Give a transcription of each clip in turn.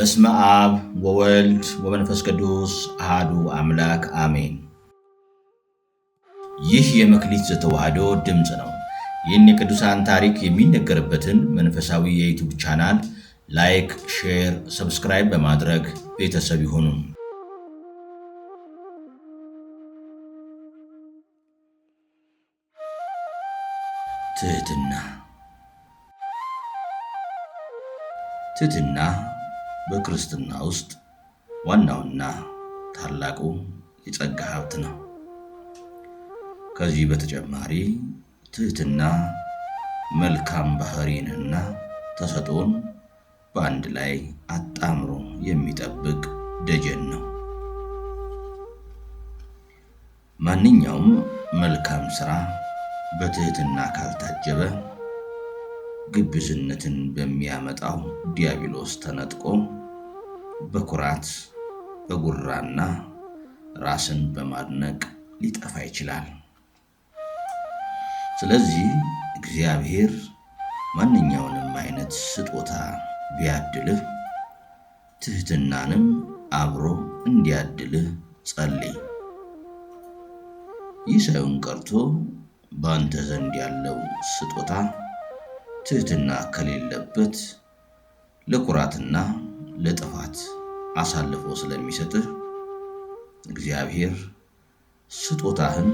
በስመ አብ ወወልድ ወመንፈስ ቅዱስ አሃዱ አምላክ አሜን። ይህ የመክሊት ዘተዋህዶ ድምፅ ነው። ይህን የቅዱሳን ታሪክ የሚነገርበትን መንፈሳዊ የዩቱብ ቻናል ላይክ፣ ሼር፣ ሰብስክራይብ በማድረግ ቤተሰብ ይሁኑ። ትህትና ትህትና በክርስትና ውስጥ ዋናውና ታላቁ የጸጋ ሀብት ነው። ከዚህ በተጨማሪ ትህትና መልካም ባህሪንና ተሰጦን በአንድ ላይ አጣምሮ የሚጠብቅ ደጀን ነው። ማንኛውም መልካም ስራ በትህትና ካልታጀበ ግብዝነትን በሚያመጣው ዲያብሎስ ተነጥቆ በኩራት በጉራና ራስን በማድነቅ ሊጠፋ ይችላል። ስለዚህ እግዚአብሔር ማንኛውንም አይነት ስጦታ ቢያድልህ ትህትናንም አብሮ እንዲያድልህ ጸልይ። ይህ ሳይሆን ቀርቶ በአንተ ዘንድ ያለው ስጦታ ትህትና ከሌለበት ለኩራትና ለጥፋት አሳልፎ ስለሚሰጥህ እግዚአብሔር ስጦታህን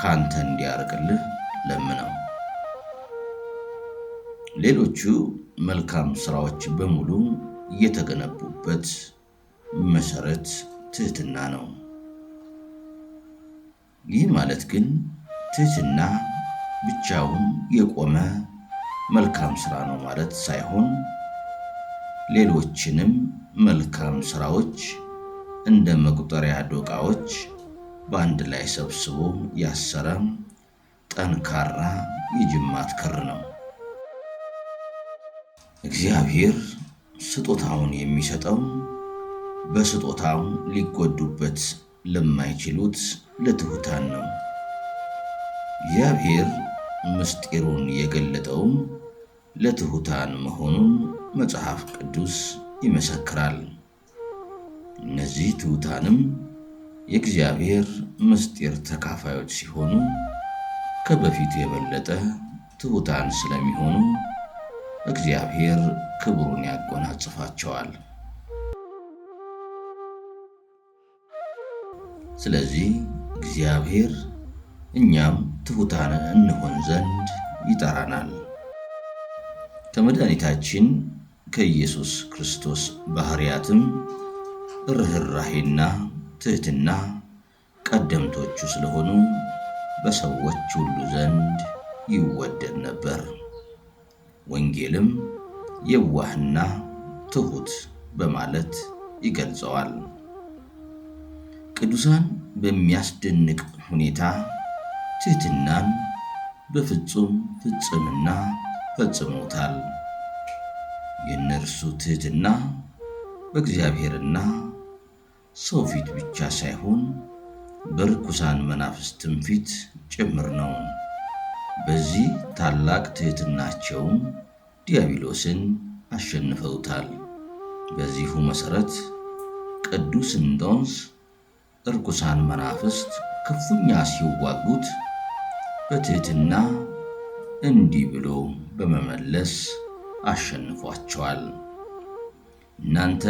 ካንተ እንዲያርቅልህ ለምነው። ሌሎቹ መልካም ስራዎች በሙሉ የተገነቡበት መሰረት ትህትና ነው። ይህ ማለት ግን ትህትና ብቻውን የቆመ መልካም ስራ ነው ማለት ሳይሆን ሌሎችንም መልካም ስራዎች እንደ መቁጠሪያ ዶቃዎች በአንድ ላይ ሰብስቦ ያሰረ ጠንካራ የጅማት ክር ነው። እግዚአብሔር ስጦታውን የሚሰጠው በስጦታው ሊጎዱበት ለማይችሉት ለትሑታን ነው። እግዚአብሔር ምስጢሩን የገለጠውም ለትሑታን መሆኑን መጽሐፍ ቅዱስ ይመሰክራል። እነዚህ ትሑታንም የእግዚአብሔር ምስጢር ተካፋዮች ሲሆኑ ከበፊቱ የበለጠ ትሑታን ስለሚሆኑ እግዚአብሔር ክብሩን ያጎናጽፋቸዋል። ስለዚህ እግዚአብሔር እኛም ትሑታን እንሆን ዘንድ ይጠራናል። ከመድኃኒታችን ከኢየሱስ ክርስቶስ ባህርያትም ርኅራሄና ትሕትና ቀደምቶቹ ስለሆኑ በሰዎች ሁሉ ዘንድ ይወደድ ነበር። ወንጌልም የዋህና ትሑት በማለት ይገልጸዋል። ቅዱሳን በሚያስደንቅ ሁኔታ ትሕትናን በፍጹም ፍጽምና ፈጽሞታል። የእነርሱ ትህትና በእግዚአብሔርና ሰው ፊት ብቻ ሳይሆን በርኩሳን መናፍስትም ፊት ጭምር ነው። በዚህ ታላቅ ትህትናቸውም ዲያብሎስን አሸንፈውታል። በዚሁ መሠረት ቅዱስ እንጦንስ እርኩሳን መናፍስት ክፉኛ ሲዋጉት በትህትና እንዲህ ብሎ በመመለስ አሸንፏቸዋል። እናንተ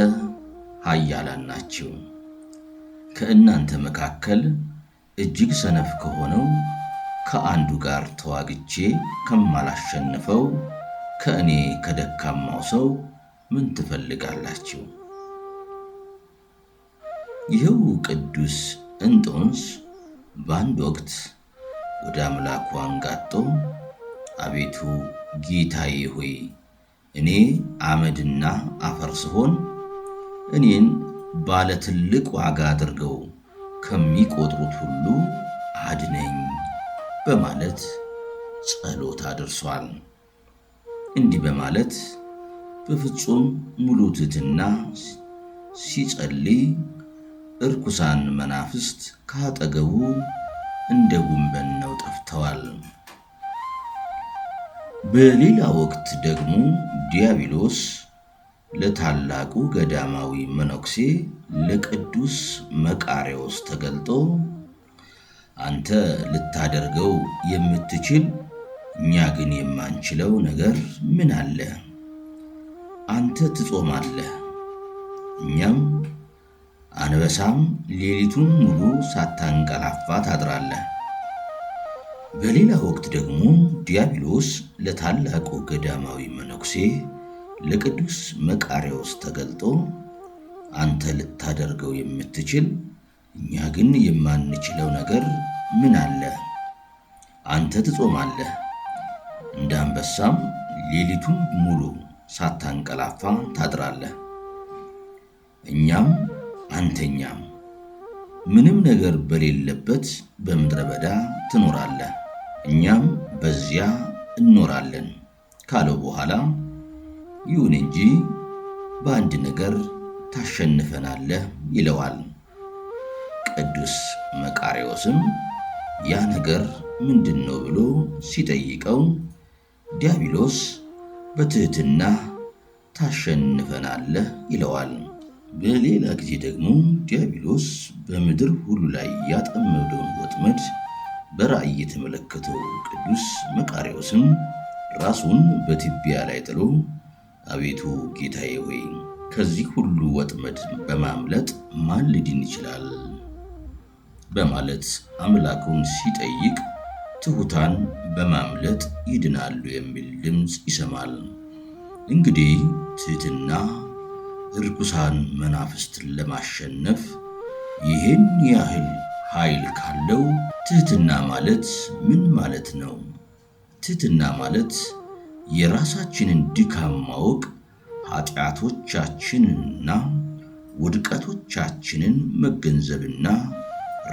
ኃያላን ናችሁ። ከእናንተ መካከል እጅግ ሰነፍ ከሆነው ከአንዱ ጋር ተዋግቼ ከማላሸንፈው ከእኔ ከደካማው ሰው ምን ትፈልጋላችሁ? ይኸው ቅዱስ እንጦንስ በአንድ ወቅት ወደ አምላኩ አንጋጦ አቤቱ ጌታዬ ሆይ እኔ አመድና አፈር ስሆን እኔን ባለ ትልቅ ዋጋ አድርገው ከሚቆጥሩት ሁሉ አድነኝ በማለት ጸሎት አድርሷል። እንዲህ በማለት በፍጹም ሙሉ ትሕትና ሲጸልይ እርኩሳን መናፍስት ካጠገቡ እንደ ጉንበን ነው ጠፍተዋል። በሌላ ወቅት ደግሞ ዲያብሎስ ለታላቁ ገዳማዊ መነኩሴ ለቅዱስ መቃርዮስ ተገልጦ አንተ ልታደርገው የምትችል እኛ ግን የማንችለው ነገር ምን አለ? አንተ ትጾማለህ፣ እኛም አንበሳም ሌሊቱን ሙሉ ሳታንቀላፋ ታድራለህ በሌላ ወቅት ደግሞ ዲያብሎስ ለታላቁ ገዳማዊ መነኩሴ ለቅዱስ መቃርዮስ ተገልጦ አንተ ልታደርገው የምትችል እኛ ግን የማንችለው ነገር ምን አለ? አንተ ትጾማለህ፣ እንደ አንበሳም ሌሊቱን ሙሉ ሳታንቀላፋ ታድራለህ፣ እኛም አንተኛም ምንም ነገር በሌለበት በምድረ በዳ ትኖራለህ እኛም በዚያ እንኖራለን ካለው በኋላ ይሁን እንጂ በአንድ ነገር ታሸንፈናለህ ይለዋል። ቅዱስ መቃሪዎስም ያ ነገር ምንድን ነው ብሎ ሲጠይቀው ዲያብሎስ በትህትና ታሸንፈናለህ ይለዋል። በሌላ ጊዜ ደግሞ ዲያብሎስ በምድር ሁሉ ላይ ያጠመደውን ወጥመድ በራእይ የተመለከተው ቅዱስ ስም ራሱን በትቢያ ላይ ጥሎ አቤቱ ጌታዬ ሆይ ከዚህ ሁሉ ወጥመድ በማምለጥ ማን ሊድን ይችላል? በማለት አምላኩን ሲጠይቅ ትሑታን በማምለጥ ይድናሉ የሚል ድምፅ ይሰማል። እንግዲህ ትሕትና እርኩሳን መናፍስትን ለማሸነፍ ይህን ያህል ኃይል ካለው ትህትና ማለት ምን ማለት ነው? ትህትና ማለት የራሳችንን ድካም ማወቅ፣ ኃጢአቶቻችንና ውድቀቶቻችንን መገንዘብና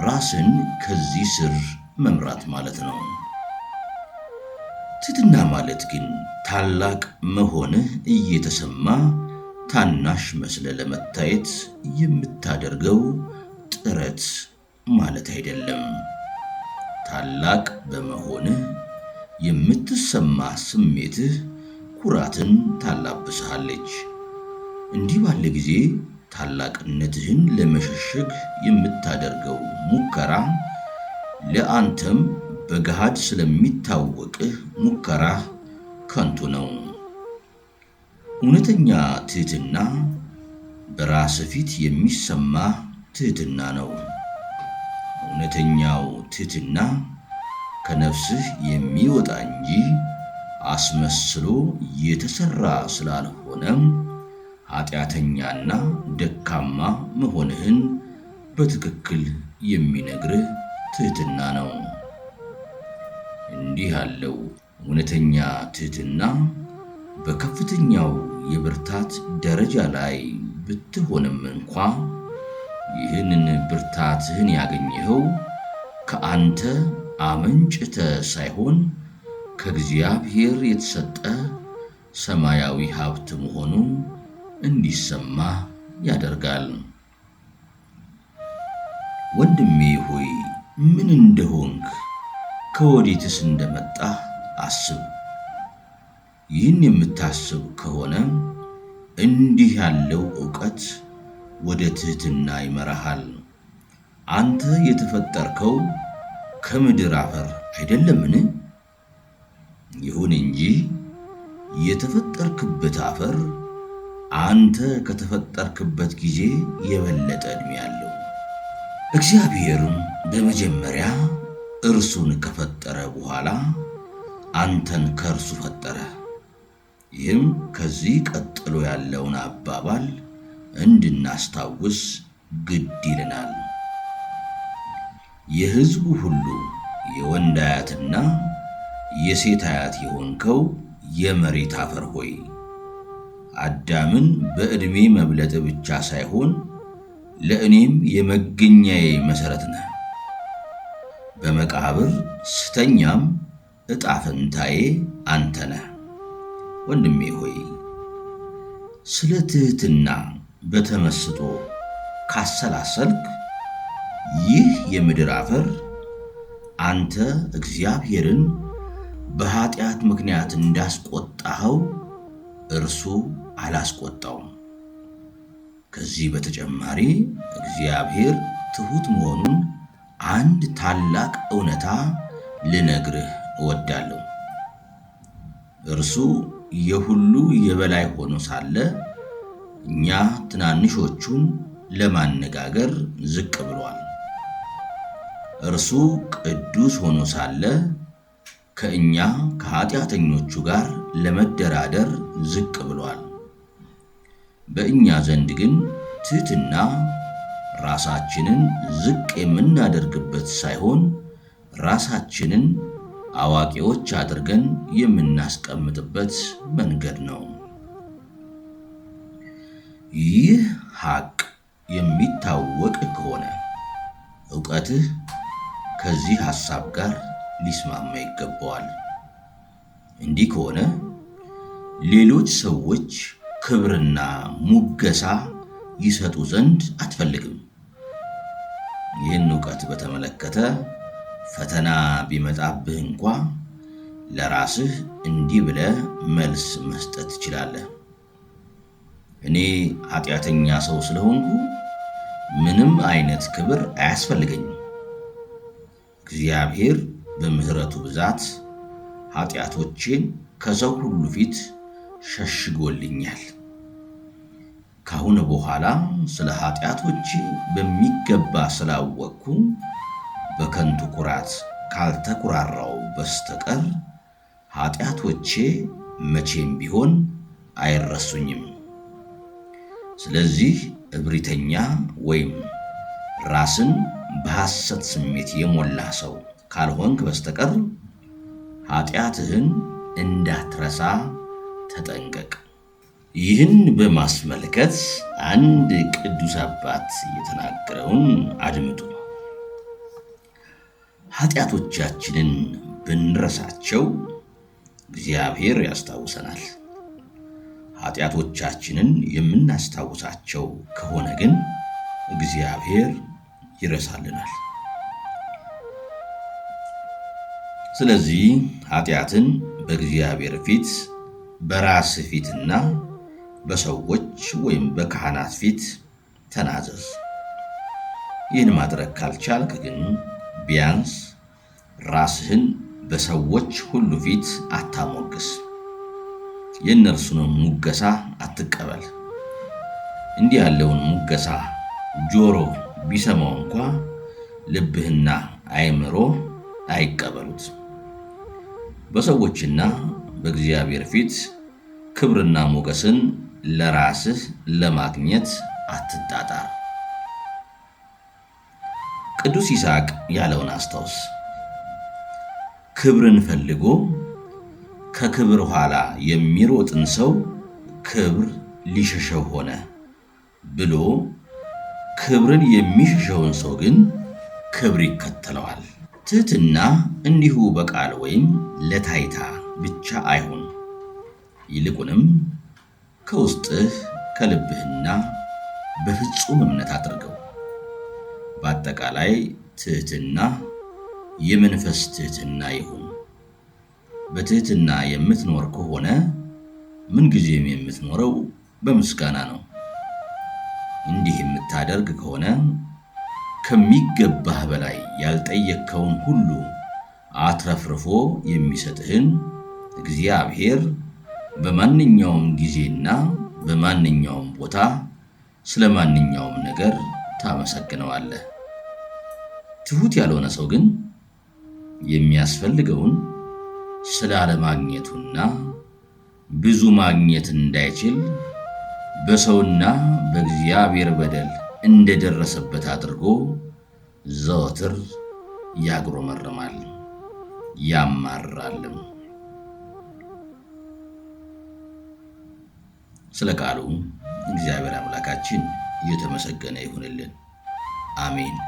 ራስን ከዚህ ስር መምራት ማለት ነው። ትህትና ማለት ግን ታላቅ መሆንህ እየተሰማ ታናሽ መስለ ለመታየት የምታደርገው ጥረት ማለት አይደለም። ታላቅ በመሆንህ የምትሰማ ስሜትህ ኩራትን ታላብስሃለች። እንዲህ ባለ ጊዜ ታላቅነትህን ለመሸሸግ የምታደርገው ሙከራ ለአንተም በገሃድ ስለሚታወቅህ ሙከራህ ከንቱ ነው። እውነተኛ ትህትና በራስ ፊት የሚሰማ ትህትና ነው። እውነተኛው ትህትና ከነፍስህ የሚወጣ እንጂ አስመስሎ የተሰራ ስላልሆነም ኃጢአተኛና ደካማ መሆንህን በትክክል የሚነግርህ ትህትና ነው። እንዲህ ያለው እውነተኛ ትህትና በከፍተኛው የብርታት ደረጃ ላይ ብትሆንም እንኳ ይህንን ብርታትህን ያገኘኸው ከአንተ አመንጭተ ሳይሆን ከእግዚአብሔር የተሰጠ ሰማያዊ ሀብት መሆኑን እንዲሰማ ያደርጋል። ወንድሜ ሆይ ምን እንደሆንክ ከወዴትስ እንደመጣ አስብ። ይህን የምታስብ ከሆነ እንዲህ ያለው ዕውቀት ወደ ትህትና ይመራሃል። አንተ የተፈጠርከው ከምድር አፈር አይደለምን? ይሁን እንጂ የተፈጠርክበት አፈር አንተ ከተፈጠርክበት ጊዜ የበለጠ ዕድሜ አለው። እግዚአብሔርም በመጀመሪያ እርሱን ከፈጠረ በኋላ አንተን ከእርሱ ፈጠረ። ይህም ከዚህ ቀጥሎ ያለውን አባባል እንድናስታውስ ግድ ይለናል። የሕዝቡ ሁሉ የወንድ አያትና የሴት አያት የሆንከው የመሬት አፈር ሆይ አዳምን በዕድሜ መብለጥ ብቻ ሳይሆን ለእኔም የመገኛዬ መሠረት ነህ። በመቃብር ስተኛም ዕጣ ፈንታዬ አንተ ነህ። ወንድሜ ሆይ ስለ ትሕትና በተመስጦ ካሰላሰልክ ይህ የምድር አፈር አንተ እግዚአብሔርን በኃጢአት ምክንያት እንዳስቆጣኸው እርሱ አላስቆጣውም። ከዚህ በተጨማሪ እግዚአብሔር ትሑት መሆኑን አንድ ታላቅ እውነታ ልነግርህ እወዳለሁ። እርሱ የሁሉ የበላይ ሆኖ ሳለ እኛ ትናንሾቹን ለማነጋገር ዝቅ ብሏል። እርሱ ቅዱስ ሆኖ ሳለ ከእኛ ከኃጢአተኞቹ ጋር ለመደራደር ዝቅ ብሏል። በእኛ ዘንድ ግን ትሕትና ራሳችንን ዝቅ የምናደርግበት ሳይሆን ራሳችንን አዋቂዎች አድርገን የምናስቀምጥበት መንገድ ነው። ይህ ሐቅ የሚታወቅ ከሆነ እውቀትህ ከዚህ ሐሳብ ጋር ሊስማማ ይገባዋል። እንዲህ ከሆነ ሌሎች ሰዎች ክብርና ሙገሳ ይሰጡ ዘንድ አትፈልግም። ይህን እውቀት በተመለከተ ፈተና ቢመጣብህ እንኳ ለራስህ እንዲህ ብለህ መልስ መስጠት ትችላለህ። እኔ ኃጢአተኛ ሰው ስለሆንኩ ምንም አይነት ክብር አያስፈልገኝም። እግዚአብሔር በምሕረቱ ብዛት ኃጢአቶቼን ከሰው ሁሉ ፊት ሸሽጎልኛል። ካሁን በኋላ ስለ ኃጢአቶቼ በሚገባ ስላወቅኩ በከንቱ ኩራት ካልተኩራራው በስተቀር ኃጢአቶቼ መቼም ቢሆን አይረሱኝም። ስለዚህ እብሪተኛ ወይም ራስን በሐሰት ስሜት የሞላ ሰው ካልሆንክ በስተቀር ኃጢአትህን እንዳትረሳ ተጠንቀቅ። ይህን በማስመልከት አንድ ቅዱስ አባት የተናገረውን አድምጡ። ኃጢአቶቻችንን ብንረሳቸው እግዚአብሔር ያስታውሰናል። ኃጢአቶቻችንን የምናስታውሳቸው ከሆነ ግን እግዚአብሔር ይረሳልናል። ስለዚህ ኃጢአትን በእግዚአብሔር ፊት በራስ ፊትና በሰዎች ወይም በካህናት ፊት ተናዘዝ። ይህን ማድረግ ካልቻልክ ግን ቢያንስ ራስህን በሰዎች ሁሉ ፊት አታሞግስ። የእነርሱንም ሙገሳ አትቀበል። እንዲህ ያለውን ሙገሳ ጆሮ ቢሰማው እንኳ ልብህና አእምሮ አይቀበሉት። በሰዎችና በእግዚአብሔር ፊት ክብርና ሞገስን ለራስህ ለማግኘት አትጣጣር። ቅዱስ ይስሐቅ ያለውን አስታውስ። ክብርን ፈልጎ ከክብር ኋላ የሚሮጥን ሰው ክብር ሊሸሸው ሆነ ብሎ ክብርን የሚሸሸውን ሰው ግን ክብር ይከተለዋል። ትህትና እንዲሁ በቃል ወይም ለታይታ ብቻ አይሁን። ይልቁንም ከውስጥህ ከልብህና በፍጹም እምነት አድርገው። በአጠቃላይ ትህትና የመንፈስ ትህትና ይሁን። በትህትና የምትኖር ከሆነ ምንጊዜም የምትኖረው በምስጋና ነው። እንዲህ የምታደርግ ከሆነ ከሚገባህ በላይ ያልጠየከውን ሁሉ አትረፍርፎ የሚሰጥህን እግዚአብሔር በማንኛውም ጊዜና በማንኛውም ቦታ ስለ ማንኛውም ነገር ታመሰግነዋለህ። ትሑት ያልሆነ ሰው ግን የሚያስፈልገውን ስላለማግኘቱና ብዙ ማግኘት እንዳይችል በሰውና በእግዚአብሔር በደል እንደደረሰበት አድርጎ ዘወትር ያጉረመርማል ያማራልም። ስለ ቃሉ እግዚአብሔር አምላካችን እየተመሰገነ ይሁንልን። አሜን።